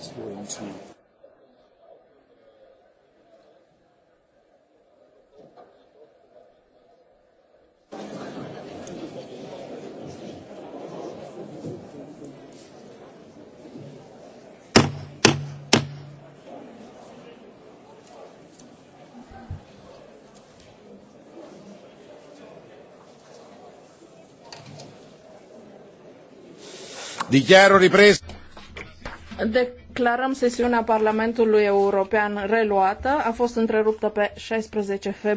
is going to Dichiaro ripresa. Declarăm sesiunea Parlamentului European reluată. A fost întreruptă pe 16 februarie.